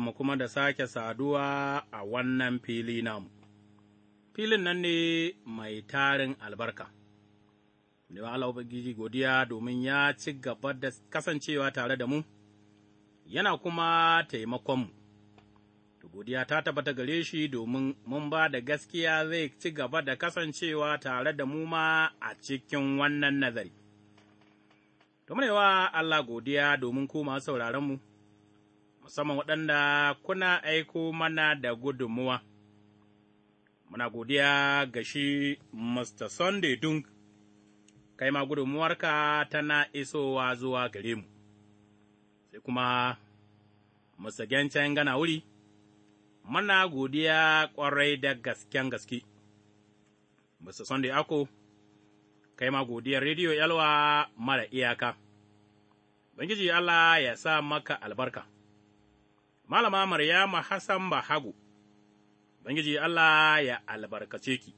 mu kuma da sake saduwa a wannan fili namu, filin nan ne mai tarin albarka. Newa Allah Ubangiji godiya domin ya ci gaba da kasancewa tare da mu, yana kuma taimakonmu. Godiya ta tabbata gare shi domin mun ba da gaskiya zai ci gaba da kasancewa tare da mu ma a cikin wannan nazari. Domin Allah godiya domin ku masu sauraronmu. mu. musamman waɗanda kuna aiko mana da gudunmuwa. Muna godiya ga shi Mr. Sunday Dunk, kai ma gudunmuwarka tana isowa zuwa gare mu, sai kuma Mr. Gencen gana wuri, muna godiya ƙwarai da gasken gaske. Mr. Sunday Ako, kai ma godiyar rediyo yalwa mara iyaka. bangiji Allah ya sa maka albarka. Malama Maryama Hassan Bahago, Ubangiji Allah ya albarkace ki,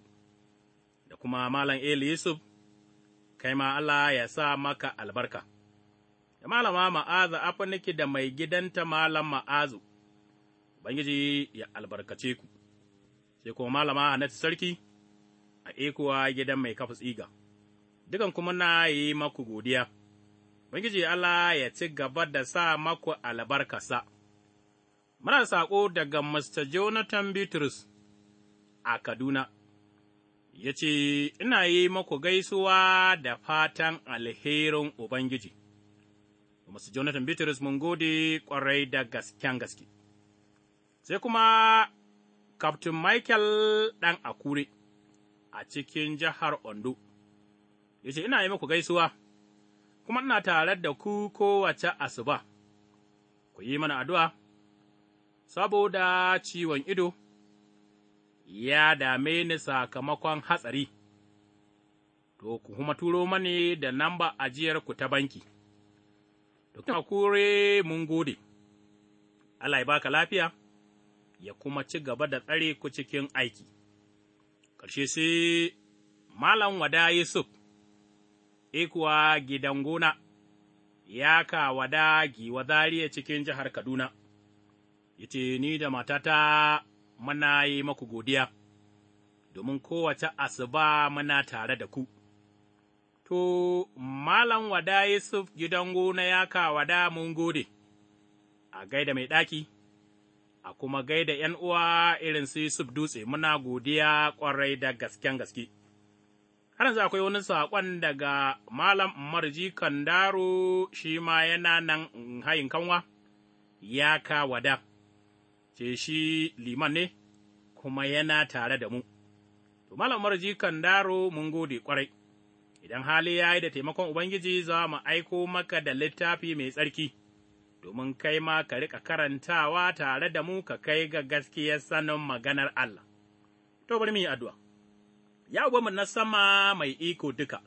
da kuma Malam Eli Yusuf, kai ma Allah ya sa maka albarka, da Malama Ma'aza Afaniki da mai gidanta Malam Ma'azu, Ubangiji ya albarkace ku, sai kuma Malama Hannatu Sarki a ekuwa gidan mai kafa tsiga, dukan kuma na yi maku godiya, Ubangiji Allah ya ci gaba da sa maku albarkasa. Muna saƙo daga Mr. Jonathan Bitrus a Kaduna, ya ce, Ina yi maku gaisuwa da fatan alherin Ubangiji. Mr. Jonathan Bitrus mun gode ƙwarai da gasken gaske. Sai kuma Captain Michael ɗan Akure a cikin jihar Ondo, ya ce, Ina yi maku gaisuwa, kuma ina tare da ku kowace asuba, ku yi mana addu'a. saboda ciwon ido, ya dame ni sakamakon hatsari, to ku kuma turo mani da namba ajiyarku ta banki. Dokta kure mun gode, Allah ya baka lafiya, ya kuma ci gaba da tsare ku cikin aiki. Ƙarshe sai Malam Wada Yusuf, ikuwa e gidan gona, ya wada giwa zariya cikin jihar Kaduna. ya ce, Ni da matata muna yi maku godiya, domin kowace asuba muna tare da ku. To, Malam wada Yusuf gidan gona ya ka wada mun gode, a gaida mai ɗaki, a kuma gaida ’yan uwa irin su Yusuf dutse muna godiya ƙwarai da gasken gaske. Har yanzu akwai wani saƙon daga Malam Marji Kandaro shi ma yana nan mm, hayin kanwa, ya ka wada. ce shi liman ne, kuma yana tare da mu. To, Malam Marji daro mun gode kwarai. idan hali ya yi da taimakon Ubangiji za mu aiko maka da littafi mai tsarki, domin kai ma ka riƙa karantawa tare da mu ka kai ga gaskiyar sanin maganar Allah. To, bari mu yi addu'a. Ya mu na sama mai iko duka,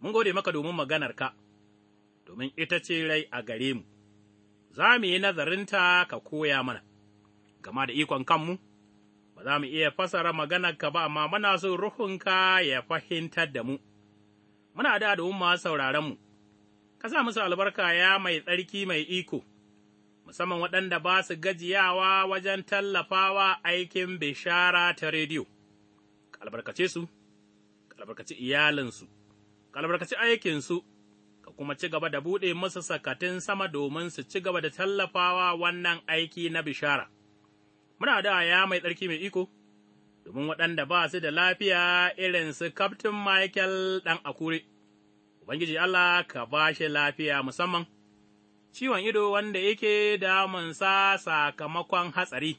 mun gode maka domin maganarka, domin ita ce rai a gare mu, za mu yi nazarinta ka koya mana. gama da ikon kanmu, ba za mu iya fasara maganarka ba, amma muna so ruhunka ya fahimtar da mu, muna da masu sauraronmu, ka sa musu albarka ya mai tsarki mai iko, musamman waɗanda ba su gajiyawa wajen tallafawa aikin bishara ta rediyo, ka albarkace su, ka albarkaci iyalinsu, ka aikinsu. ka kuma ci gaba da buɗe musu sakatun sama domin su ci gaba da tallafawa wannan aiki na bishara. muna da ya mai tsarki mai iko, domin waɗanda ba su da lafiya irin su Kaftin Michael ɗan Akure, Ubangiji Allah ka ba shi lafiya musamman, ciwon ido wanda yake damunsa sakamakon hatsari,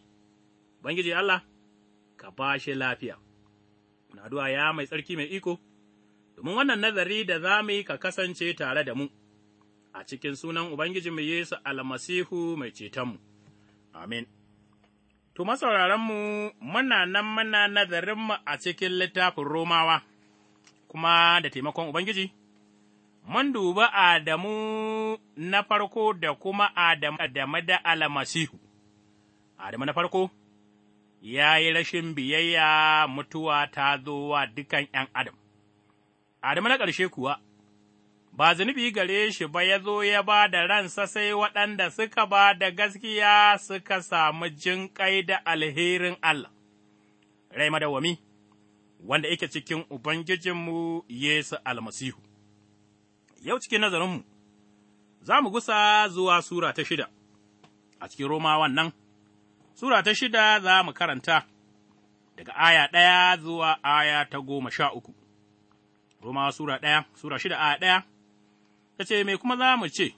Ubangiji Allah ka ba shi lafiya. Muna da ya mai tsarki mai iko, domin wannan nazari da za mu yi ka kasance tare da mu. a cikin sunan Ubangijinmu Yesu almasihu mai cetonmu. Amin. To, masauraranmu muna nan muna nazarinmu a cikin littafin Romawa, kuma da taimakon Ubangiji, mun duba Adamu na farko da kuma Adamu da Almasihu. Adamu na farko ya yi rashin biyayya mutuwa ta zo wa dukan ’yan Adam, Adamu na ƙarshe kuwa ba zunubi gare shi ba ya zo ya ba da ransa sai waɗanda suka ba da gaskiya suka samu jinƙai da alherin Allah, rai madawami, wanda yake cikin Ubangijinmu Yesu almasihu. Yau cikin nazarinmu, za mu gusa zuwa Sura ta shida, a cikin Roma nan, Sura ta shida za mu karanta daga aya ɗaya zuwa aya ta goma sha uku. Roma Sura ɗaya, Sura shida aya ɗaya ta ce, Me kuma za mu ce,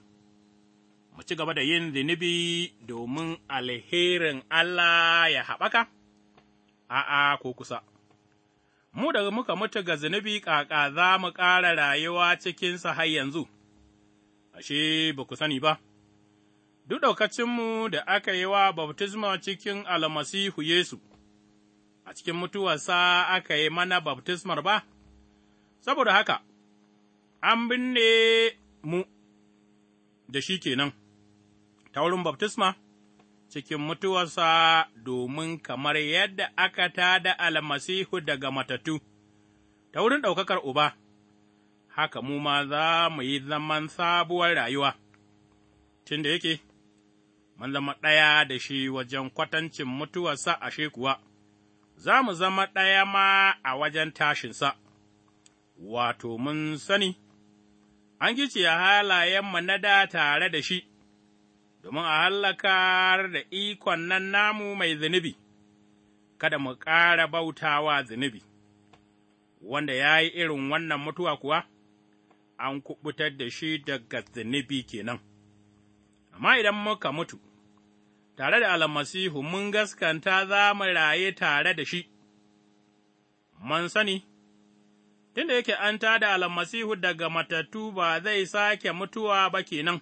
mu ci gaba da yin zunubi domin alherin Allah ya haɓaka? A'a, ko kusa. Mu daga muka mutu ga zunubi ƙaƙa za mu ƙara rayuwa cikinsa har yanzu, ashe, ba ku sani ba. Duk ɗaukacinmu da aka yi wa baftisma cikin almasihu Yesu, a cikin mutuwarsa aka yi mana baftismar ba, saboda haka, an binne mu da shi kenan, ta wurin baftisma cikin mutuwarsa domin kamar yadda aka tada almasihu daga matattu, ta wurin ɗaukakar uba, haka mu ma za mu yi zaman sabuwar rayuwa, tun da yake, mun zama ɗaya da shi wajen kwatancin mutuwarsa ashe kuwa, za mu zama ɗaya ma a wajen tashinsa, wato mun sani. an gice halayenmu na da tare da shi, domin a hallakar da ikon nan namu mai zinubi kada mu ƙara bautawa zinubi wanda ya yi irin wannan mutuwa kuwa, an kuɓutar da shi daga zinubi kenan. Amma idan muka mutu, tare da almasihu mun gaskanta za mu raye tare da shi, man sani. tunda yake an tā da almasihu daga matattu ba zai sake mutuwa ba kenan,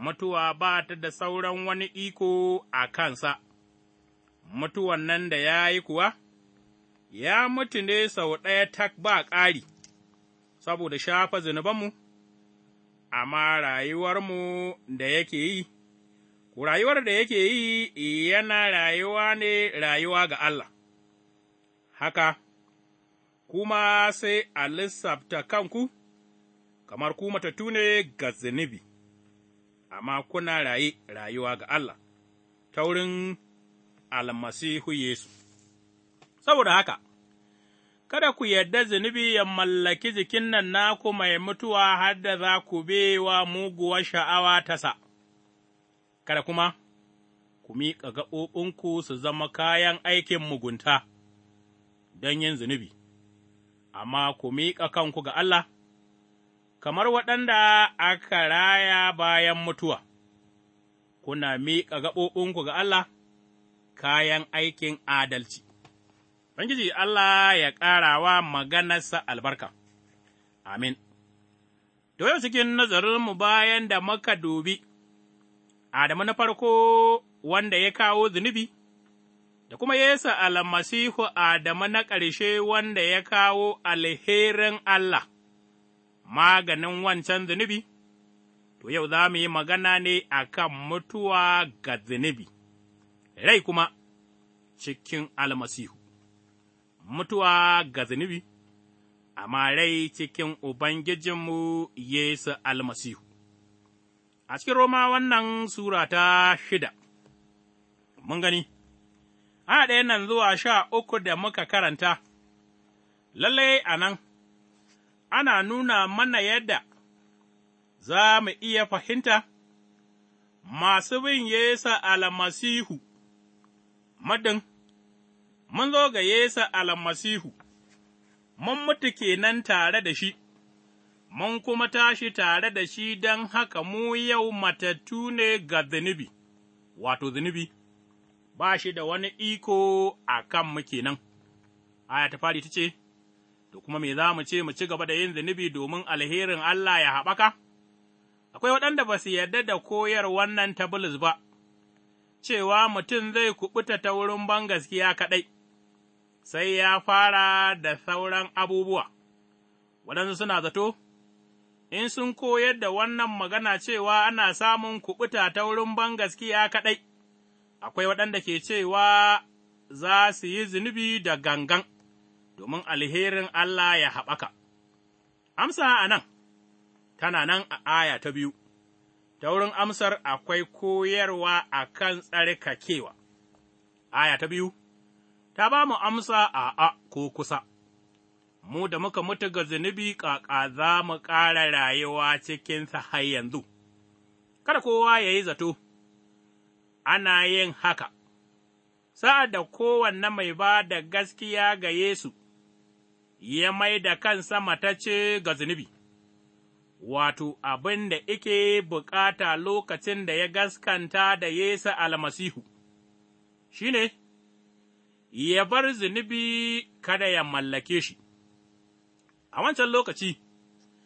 mutuwa ba ta da sauran wani iko a kansa, mutuwan nan da ya yi kuwa, ya mutu ne sau ɗaya tak ba ƙari, saboda shafa zunubanmu, amma mu da yake yi, rayuwar da yake yi yana rayuwa ne rayuwa ga Allah, haka. kuma sai a lissafta kanku, kamar ku matattu ne ga zunubi, amma kuna raye rayuwa ga Allah, ta wurin almasihu Yesu. Saboda haka, kada ku yarda zunubi ya mallaki jikin nan naku mai mutuwa har da za ku wa muguwar sha'awa ta sa, kada kuma ku miƙa gaɓoɓinku su zama kayan aikin mugunta don yin zunubi. amma ku miƙa kanku ga Allah, kamar waɗanda aka raya bayan mutuwa, kuna miƙa gaɓoɓinku ga Allah, kayan aikin adalci. bangiji Allah ya ƙarawa maganarsa albarka, amin. To yau cikin nazarinmu bayan da muka dubi, Adamu na farko wanda ya kawo zunubi, da kuma Yesu almasihu Adamu na ƙarshe wanda ya kawo alherin Allah, maganin wancan zunubi, to yau za mu yi magana ne a kan mutuwa ga zunubi, rai kuma cikin almasihu, mutuwa ga zunubi, amma rai cikin Ubangijinmu Yesu almasihu. A cikin Roma wannan Sura ta shida, mun gani. a ɗaya nan zuwa sha uku da muka karanta, lallai a nan, ana nuna mana yadda za mu iya fahimta masu bin Yesu almasihu, madin, mun zo ga Yesu almasihu, mun mutu kenan tare da shi. mun kuma tashi tare da shi don haka mu yau matattu ne ga zunubi, wato zunubi, ba shi da wani iko a kan mu kenan. Aya ta fari ta ce, To kuma me za mu ce mu ci gaba da yin zunubi domin alherin Allah ya haɓaka? Akwai waɗanda ba su yarda da koyar wannan ta ba, cewa mutum zai kuɓuta ta wurin gaskiya kaɗai, sai ya fara da sauran abubuwa. Waɗansu suna zato, in sun koyar da wannan magana cewa ana samun kuɓuta ta wurin gaskiya kaɗai, akwai waɗanda ke cewa za su yi zunubi da gangan domin alherin Allah ya haɓaka. Amsa a nan, tana nan a aya ta biyu, ta wurin amsar akwai koyarwa a kan tsarkakewa. Aya ta biyu, ta ba mu amsa a a ko kusa, mu da muka mutu ga zunubi ƙaƙa za mu ƙara rayuwa cikinsa har yanzu, kada kowa ya yi zato. ana yin haka, sa'ad da kowanne mai ba da gaskiya ga Yesu ya mai da kansa ce ga zunubi, wato abin da ike bukata lokacin da ya gaskanta da Yesu almasihu, shi ne, ya bar zunubi kada ya mallake shi. A wancan lokaci,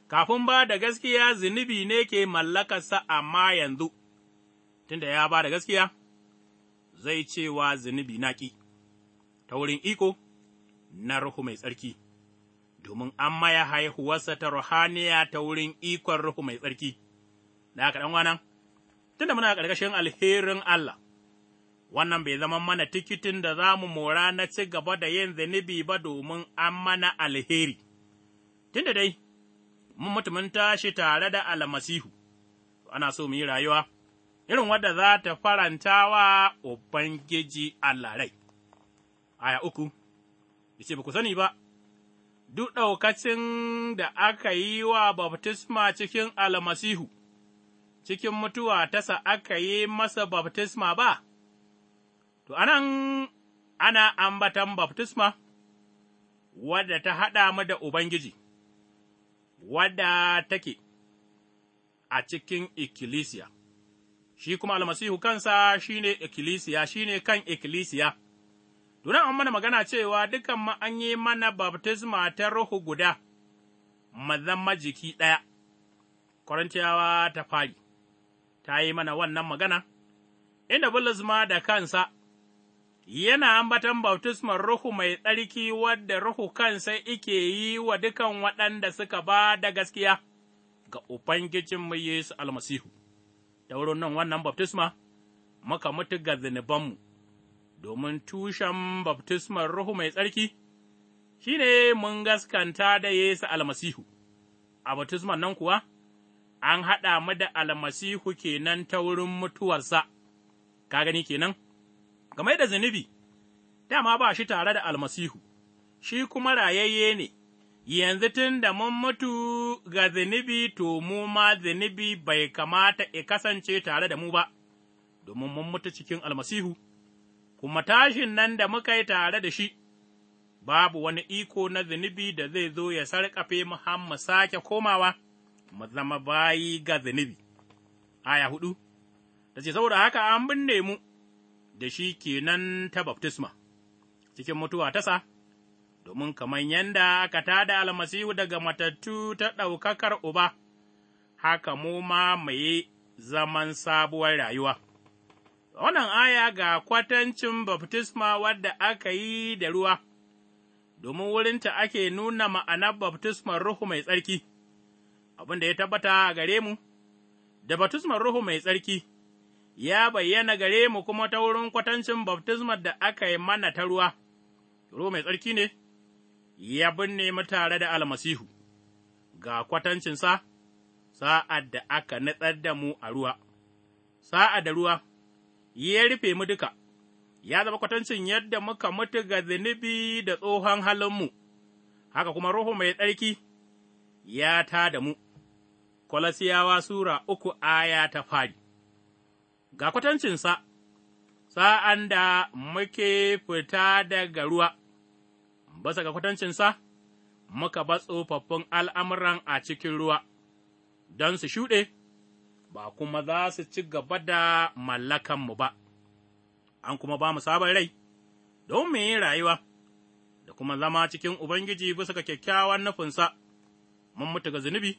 kafin ba da gaskiya zunubi ne ke mallakarsa amma yanzu. tunda ya ba da gaskiya, zai cewa zunubi naƙi, ta wurin iko na Ruhu Mai Tsarki, domin an maya haihuwarsa ta ruhaniya ta wurin ikon Ruhu Mai Tsarki, da aka ɗanwana, tunda muna ƙarƙashin alherin Allah, wannan bai zama mana tikitin da za mu mora na ci gaba da yin zunubi ba domin an mana alheri, tunda dai, mun mutumin tashi tare da almasihu, ana so mu yi rayuwa. irin wadda za ta faranta wa Ubangiji Allah rai. Aya uku, da ce, ba ku sani ba, duk ɗaukacin da aka yi wa baftisma cikin almasihu, cikin mutuwa tasa aka yi masa baftisma ba, to, anan ana ambatan baftisma wadda ta haɗa mu da Ubangiji, wadda take a cikin ikkilisiya. shi kuma almasihu kansa shi ne ikkilisiya, shi ne kan ikkilisiya. tuna an mana magana cewa dukan ma an yi mana baftisma ta ruhu guda, mazamma jiki ɗaya, Korintiyawa ta fari, ta yi mana wannan magana, inda Bulus ma da kansa yana ambatan baftismar Ruhu mai tsarki wadda Ruhu kansa ike yi wa dukan waɗanda suka ba da gaskiya ga Ubangijinmu Yesu almasihu. ta wurin nan wannan baftisma, muka mutu ga zunubanmu, domin tushen baftismar Ruhu Mai Tsarki, shi ne mun gaskanta da Yesu almasihu, a baftisman nan kuwa, an haɗa mu da almasihu kenan ta wurin mutuwarsa, ka gani kenan, game da zunubi, dama ba shi tare da almasihu, shi kuma rayayye ne. yanzu tun da mun mutu ga zunubi to mu ma zunubi bai kamata ya kasance tare da mu ba, domin mun mutu cikin almasihu, kuma tashin nan da muka yi tare da shi, babu wani iko na zunubi da zai zo ya sarƙafe mu har sake komawa, mu zama bayi ga zunubi. Aya hudu, ta ce, saboda haka an binne mu da shi kenan ta baftisma, cikin mutuwa tasa. domin kamar yanda aka da almasihu daga matattu ta ɗaukakar Uba, haka mu ma mai zaman sabuwar rayuwa. Wannan aya ga kwatancin baftisma wadda aka yi da ruwa, domin wurinta ake nuna ma'anar baftismar Ruhu mai tsarki, abin da ya tabbata a gare mu, da baftismar Ruhu mai tsarki. ya bayyana gare mu kuma ta wurin kwatancin baftismar da aka yi mana ta ruwa, ruwa mai tsarki ne, ya binne mu tare da almasihu, ga kwatancinsa sa'ad da aka natsar da mu a ruwa, sa'ad da ruwa ya rufe mu duka, ya zama kwatancin yadda muka mutu ga zunubi da tsohon halinmu, haka kuma Ruhu mai tsarki ya tā da mu, Kolasiyawa Sura uku aya ta fari, ga kwatancinsa sa'an da muke fita daga ruwa. Basa ga kwatancinsa, muka ba tsofaffin al'amuran a cikin ruwa, don su shuɗe, ba kuma za su ci gaba da mallakanmu ba, an kuma ba mu sabon rai, don mu yi rayuwa, da kuma zama cikin Ubangiji bisa ga kyakkyawan nufinsa, mun mutu ga zunubi,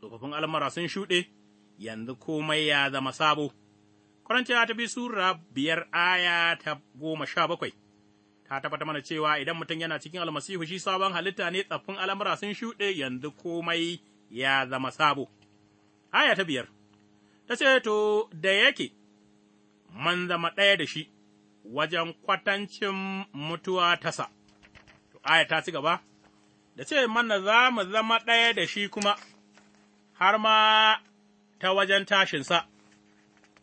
tsofaffin al'amura sun shuɗe, yanzu komai ya zama sabo. Korintiyawa ya tafi Sura biyar aya ta goma sha bakwai. ta tabbata mana cewa idan mutum yana cikin almasihu shi sabon halitta ne tsaffin al'amura sun shuɗe yanzu komai ya zama sabo. Aya ta biyar, ta ce, To, da yake, man zama ɗaya da shi wajen kwatancin mutuwa tasa. To, aya ta ci gaba, da ce mana za mu zama ɗaya da shi kuma, har ma ta wajen tashinsa.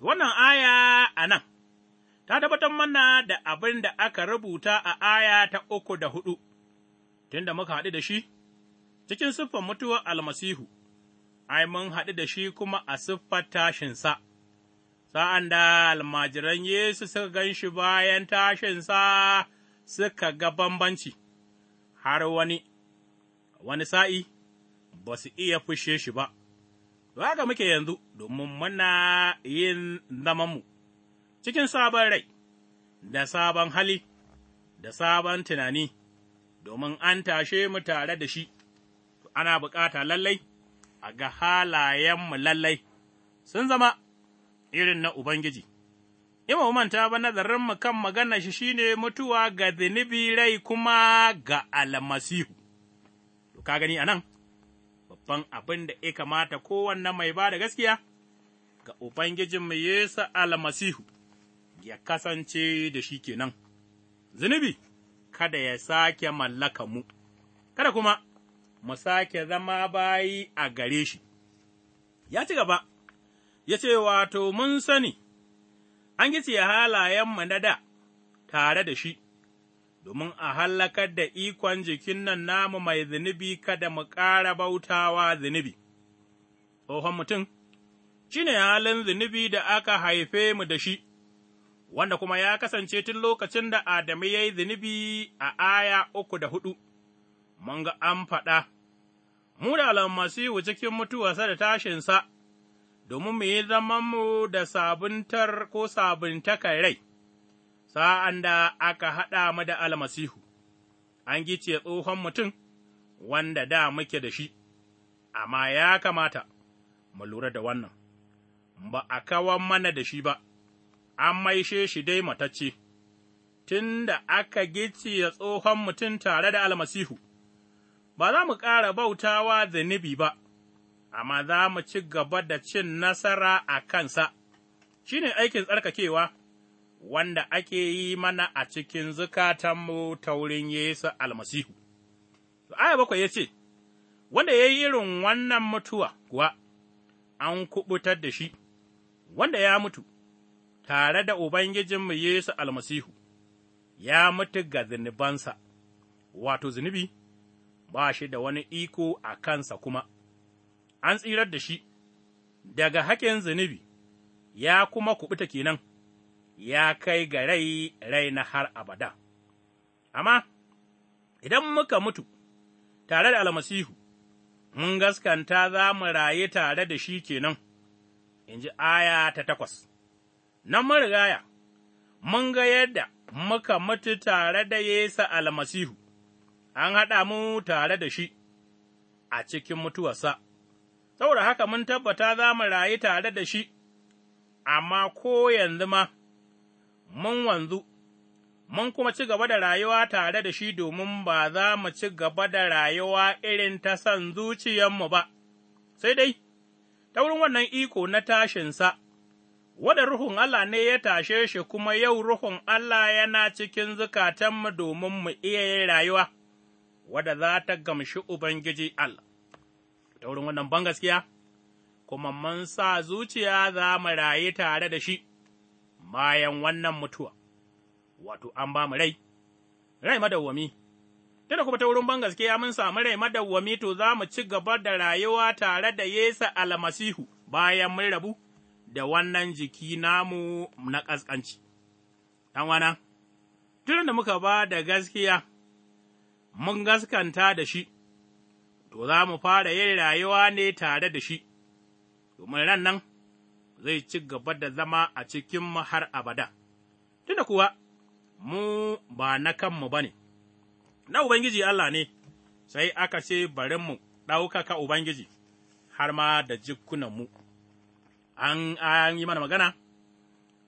Wannan aya a nan. ta tabbatar mana da abin da aka rubuta a aya ta uku da hudu, tunda muka haɗu da shi, cikin siffar mutuwar almasihu, ai, mun haɗu da shi kuma a siffar tashinsa, sa'an da almajiran Yesu suka gan shi bayan tashinsa suka ga bambanci, har wani, wani sa'i, ba su iya fushe shi ba, Waka muke yanzu domin muna yin zamanmu. mu. cikin sabon rai, da sabon hali, da sabon tunani, domin an tashe mu tare da shi, ana bukata lallai, a ga halayenmu lallai, sun zama irin na Ubangiji. Ima manta ba nazarinmu kan magana shi shine mutuwa ga zunubi rai kuma ga almasihu. To, ka gani anan babban abin da ya kamata kowanne mai ba da gaskiya ga Ubangijinmu Yesu almasihu. ya kasance da shi kenan. Zunubi, kada ya sake mallaka mu, kada kuma mu sake zama bayi a gare shi. Ya ci gaba, ya ce, Wato, mun sani, an gice halayenmu na da tare da shi, domin a hallakar da ikon jikin nan namu mai zunubi kada mu ƙara bautawa zunubi. Tsohon mutum, shi ne halin zunubi da aka haife mu da shi, wanda kuma ya kasance tun lokacin da Adamu ya yi zunubi a aya uku da hudu, mun ga an faɗa, mu da almasihu cikin mutuwarsa da tashinsa, domin mu yi zamanmu da sabuntar ko sabuntaka rai, sa'an da aka haɗa mu da almasihu, an gice tsohon mutum wanda da muke da shi, amma ya kamata mu lura da wannan, ba a kawar mana da shi ba. an maishe shi dai matacce, tun da aka giciya tsohon mutum tare da almasihu, ba za mu ƙara bautawa zunubi ba, amma za mu ci gaba da cin nasara a kansa, shi ne aikin tsarkakewa. Wanda ake yi mana a cikin zukatanmu ta wurin Yesu almasihu. Aya bakwai ya ce, Wanda ya yi irin wannan mutuwa kuwa, an kuɓutar da shi, wanda ya mutu, tare da Ubangijinmu Yesu almasihu, ya mutu ga zunubansa, wato zunubi ba shi da wani iko a kansa kuma, an tsirar da shi daga haƙin zunubi, ya kuma kuɓuta kenan, ya kai ga rai rai na har abada. Amma, idan muka mutu tare da almasihu, mun gaskanta za mu raye tare da shi kenan, in ji aya ta takwas. na marigaya, mun ga yadda muka mutu tare da Yesu almasihu, an haɗa mu tare da shi a cikin mutuwarsa, saboda haka mun tabbata za mu rayu tare da shi, amma ko yanzu ma mun wanzu, mun kuma ci gaba da rayuwa tare da shi domin ba za mu ci gaba da rayuwa irin ta son zuciyarmu ba, sai dai, ta wurin wannan iko na tashinsa. Wada Ruhun Allah ne ya tashe shi kuma yau Ruhun Allah yana cikin zukatanmu domin mu iya yin rayuwa, wadda za ta gamshi Ubangiji Allah. Ta wurin wannan bangaskiya, kuma mun sa zuciya za mu rayu tare da shi bayan wannan mutuwa, wato an ba mu rai, rai madawwami. Tunda kuma ta wurin bangaskiya mun samu rai madawwami to za mu ci gaba da rayuwa tare da Yesu almasihu bayan mun rabu. da wannan jiki namu na ƙasƙanci. wana, tunan da muka ba da gaskiya, mun gaskanta da shi, to za mu fara yin rayuwa ne tare da shi, domin ran nan zai ci gaba da zama a cikinmu har abada, tunda kuwa mu ba na kanmu ba ne, na Ubangiji Allah ne, sai aka ce bari mu ɗaukaka Ubangiji har ma da jikunanmu. mu. an yi mana magana.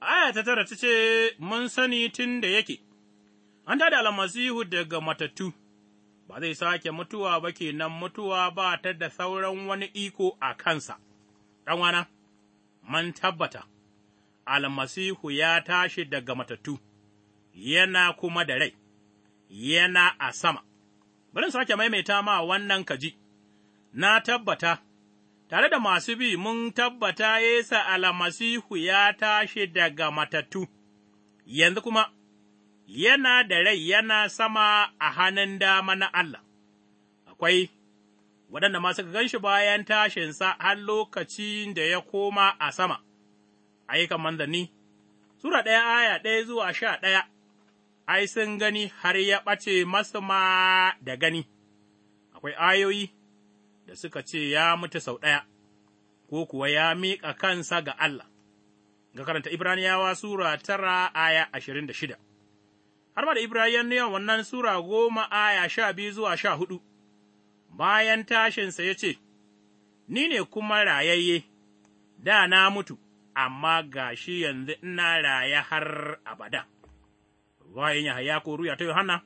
Aya ta tara ta ce, Mun sani tun da yake, an tada almasihu daga matattu, ba zai sake mutuwa ba kenan mutuwa ba ta da sauran wani iko a kansa, ɗanwana, man tabbata, almasihu ya tashi daga matattu, yana kuma da rai, yana a sama. Bari sake maimaita ma wannan kaji, na tabbata, tare da masu bi mun tabbata Yesu almasihu ya tashi daga matattu, yanzu kuma yana da rai yana sama a hannun dama na Allah, akwai waɗanda masu gan shi bayan tashinsa har lokacin da ya koma a sama, ayyukan manzanni, Sura ɗaya aya ɗaya zuwa sha ɗaya, ai sun gani har ya ɓace masu ma da gani, akwai ayoyi. da suka ce ya mutu sau ɗaya, ko kuwa ya miƙa kansa ga Allah, ga karanta Ibraniyawa Sura tara aya ashirin da shida, har ma da Ibraniyawa wannan Sura goma aya sha biyu zuwa sha hudu, bayan tashinsa ya ce, Ni ne kuma rayayye, da na mutu, amma ga shi yanzu ina raye har abada. Bayan Yahaya ko Ruya ta Yohana,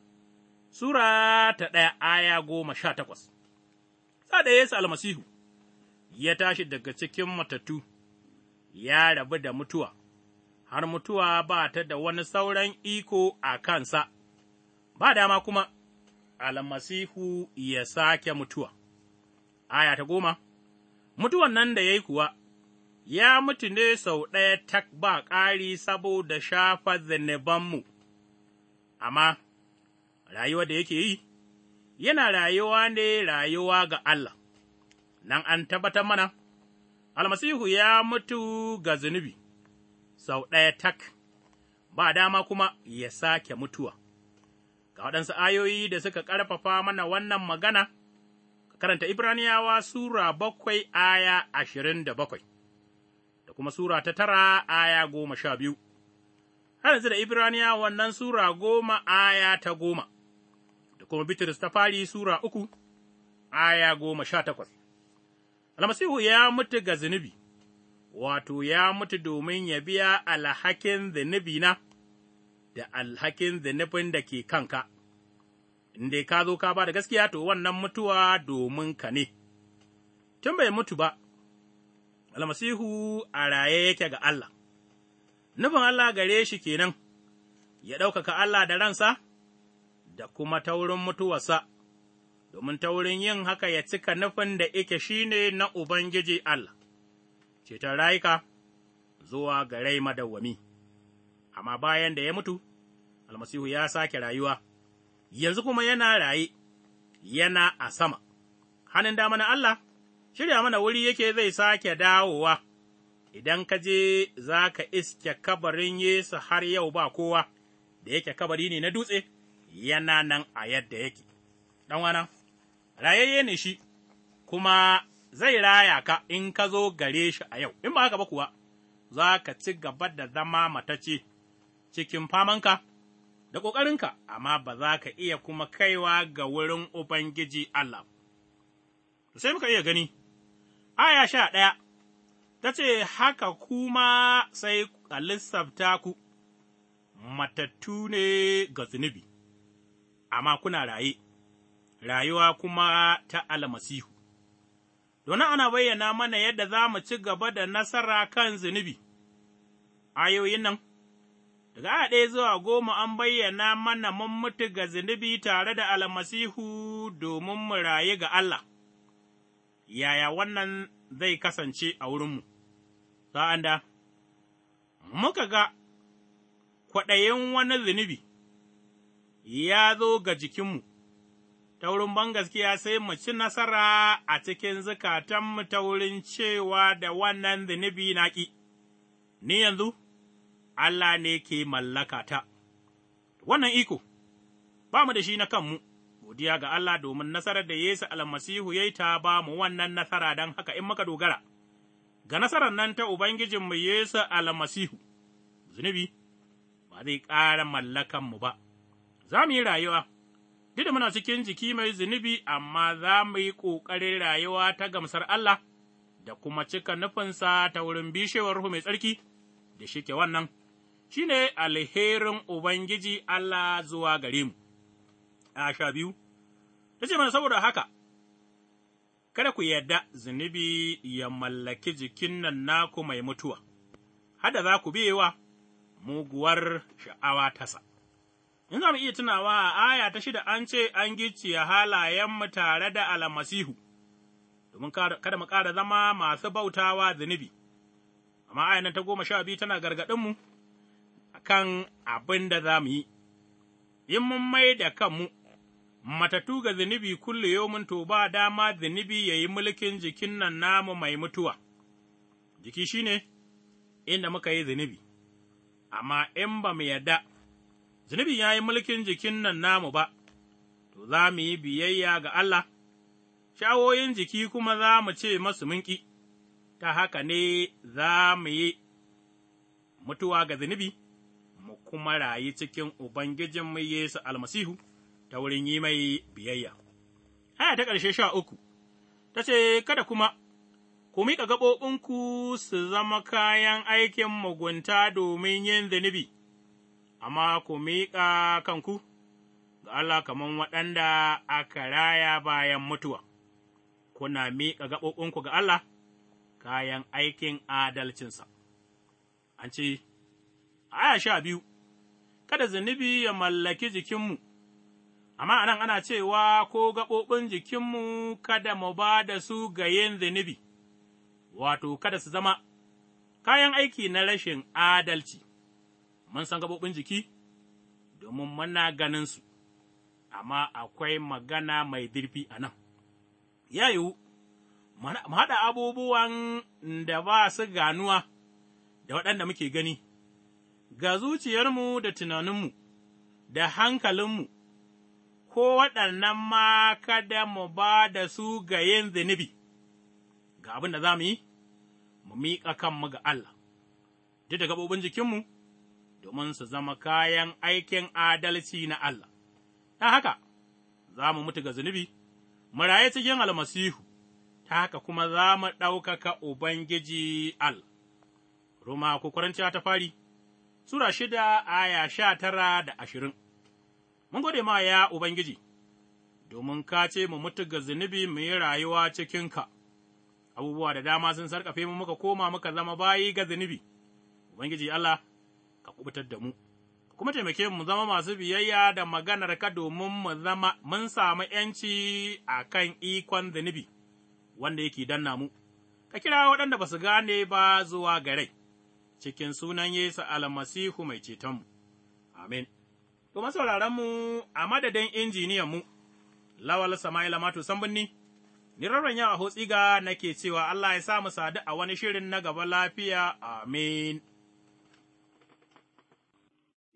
Sura ta ɗaya aya goma sha takwas. da Yesu almasihu, ya tashi daga cikin matattu, ya rabu da mutuwa, har mutuwa ba ta da wani sauran iko a kansa, ba dama kuma almasihu ya sake mutuwa. Aya ta goma, mutuwan nan da ya yi kuwa, ya mutu ne sau ɗaya tak ba ƙari saboda shafa zanebanmu, amma rayuwa da yake yi, yana rayuwa ne rayuwa ga Allah, nan an tabbatar mana, almasihu ya mutu ga zunubi, sau ɗaya tak, ba dama kuma ya sake mutuwa. Ga waɗansu ayoyi da suka ƙarfafa mana wannan magana, karanta Ibraniyawa Sura bakwai aya ashirin da bakwai, da kuma Sura ta tara aya goma sha biyu, har yanzu da Ibraniyawa wannan Sura goma aya ta goma. kuma Bitrus ta fari Sura uku, aya goma sha takwas. Almasihu ya mutu ga zunubi, wato ya mutu domin ya biya alhakin na, da alhakin zunubin da ke kanka, inda ka zo ka ba da gaskiya to wannan mutuwa domin ka ne, tun bai mutu ba, almasihu a raye yake ga Allah, nufin Allah gare shi kenan, ya ɗaukaka Allah da ransa. da kuma ta wurin mutuwarsa, domin ta wurin yin haka ya cika nufin da ike shi ne na Ubangiji Allah, ceton rayuka zuwa ga rai madawwami. Amma bayan da ya mutu, almasihu ya sake rayuwa, yanzu kuma yana raye, yana a sama, hannun dama na Allah, shirya mana wuri yake zai sake dawowa. idan ka je za ka iske kabarin Yesu har yau ba kowa, da yake kabari ne na dutse, yana nan a yadda yake, ɗanwana, rayayye ne shi, kuma zai raya ka in ka zo gare shi a yau, in ba haka ba kuwa, za ka ci gaba da zama matace cikin famanka da ƙoƙarinka, amma ba za ka iya kuma kaiwa ga wurin Ubangiji Allah. Sai muka iya gani, aya sha ɗaya, ta ce, Haka kuma sai a lissafta ku, matattu ne ga zunubi. amma kuna raye, rayuwa kuma ta almasihu. Domin ana bayyana mana yadda za mu ci gaba da nasara kan zunubi, ayoyin nan, daga ɗaya zuwa goma an bayyana mana mun mutu ga zunubi tare da almasihu domin mu raye ga Allah, yaya wannan zai kasance a wurinmu, sa'an da muka ga kwaɗayin wani zunubi. ya zo ga jikinmu, ta wurin bangaskiya sai mu ci nasara a cikin zukatanmu ta wurin cewa da wannan zunubi naƙi, ni yanzu Allah ne ke mallaka ta, wannan iko, ba mu da shi na kanmu. godiya ga Allah domin nasarar da Yesu almasihu ya yi ta ba mu wannan nasara don haka in muka dogara, ga nasarar nan ta Ubangijinmu Yesu almasihu, zunubi ba zai ƙara mallakanmu ba, za mu yi rayuwa, duk muna cikin jiki mai zunubi, amma za mu yi ƙoƙarin rayuwa ta gamsar Allah da kuma cika nufinsa ta wurin bishewar Ruhu mai tsarki, da shike wannan, shi ne alherin Ubangiji Allah zuwa gare mu. A sha biyu, ta ce mana saboda haka, kada ku yarda zunubi ya mallaki jikin nan naku mai mutuwa, hada za ku biyewa muguwar sha'awa tasa. in za mu iya tunawa a aya ta shida an ce an gicciye halayenmu tare da almasihu, domin kada mu ƙara zama masu bautawa zunubi, amma aya nan ta goma sha biyu tana gargaɗinmu a kan abin da za mu yi, in mun mai da kanmu matatu ga zunubi kulle mun to ba dama zunubi ya yi mulkin jikin nan namu mai mutuwa, jiki shine inda muka yi zunubi, amma in ba mu yarda. zunubi ya yi mulkin jikin nan namu ba, to za mu yi biyayya ga Allah, shawoyin jiki kuma za mu ce masu minki. ta haka ne za mu yi mutuwa ga zunubi, mu kuma rayu cikin Ubangijinmu Yesu almasihu ta wurin yi mai biyayya. Aya ta ƙarshe sha uku, ta ce, Kada kuma ku miƙa gaɓoɓinku su zama kayan aikin mugunta domin yin zunubi, amma ku miƙa kanku ga Allah kaman waɗanda aka raya bayan mutuwa, kuna miƙa gaɓoɓinku ga Allah kayan aikin adalcinsa. An ce, Aya sha biyu, kada zunubi ya mallaki jikinmu, amma anan ana cewa ko gaɓoɓin jikinmu kada mu ba da su ga yin zunubi, wato, kada su zama kayan aiki na rashin adalci. mun san gaɓoɓin jiki domin muna su amma akwai magana mai zurfi a nan. Ya yiwu, haɗa abubuwan da ba su ganuwa da waɗanda muke gani, ga zuciyarmu da tunaninmu, da hankalinmu, ko waɗannan ma kada mu ba da su ga yin zunubi, ga abin da za mu yi, mu miƙa kanmu ga Allah, duk da gaɓoɓin jikinmu. domin su zama kayan aikin adalci na Allah. Ta haka, za mu mutu ga zunubi, mu raye cikin almasihu, ta haka kuma za mu ɗaukaka Ubangiji Allah. Roma ku Korintiya ta fari, Sura shida aya sha tara da ashirin. Mun gode ma ya Ubangiji, domin ka ce mu mutu ga zunubi mu yi rayuwa cikinka. Abubuwa da dama sun sarƙafe mu muka koma muka zama bayi ga zunubi. Ubangiji Allah, ka kubutar da mu. Kuma taimake mu zama masu biyayya da maganar ka domin mu zama mun samu ’yanci a kan ikon zunubi wanda yake danna mu, ka kira waɗanda ba su gane ba zuwa ga cikin sunan Yesu almasihu mai cetonmu. Amin. Kuma masauraranmu a madadin injiniyan mu Lawal Sama'ila Mato Sambunni, ni rarren yawa hotsiga nake cewa Allah ya sa mu sadu a wani shirin na gaba lafiya, amin.